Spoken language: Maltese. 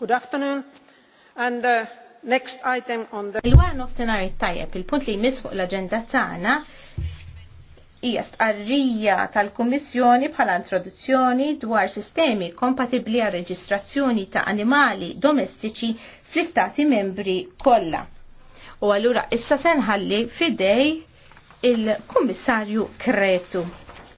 Good afternoon. And uh, next item on the... Il-wara tajjeb, il-punt li jmiss fuq l-agenda tagħna hija stqarrija tal-Kummissjoni bħala introduzzjoni dwar sistemi kompatibbli għal reġistrazzjoni ta' animali domestiċi fl-istati membri kollha. U allura issa senħalli fidej il-Kummissarju Kretu.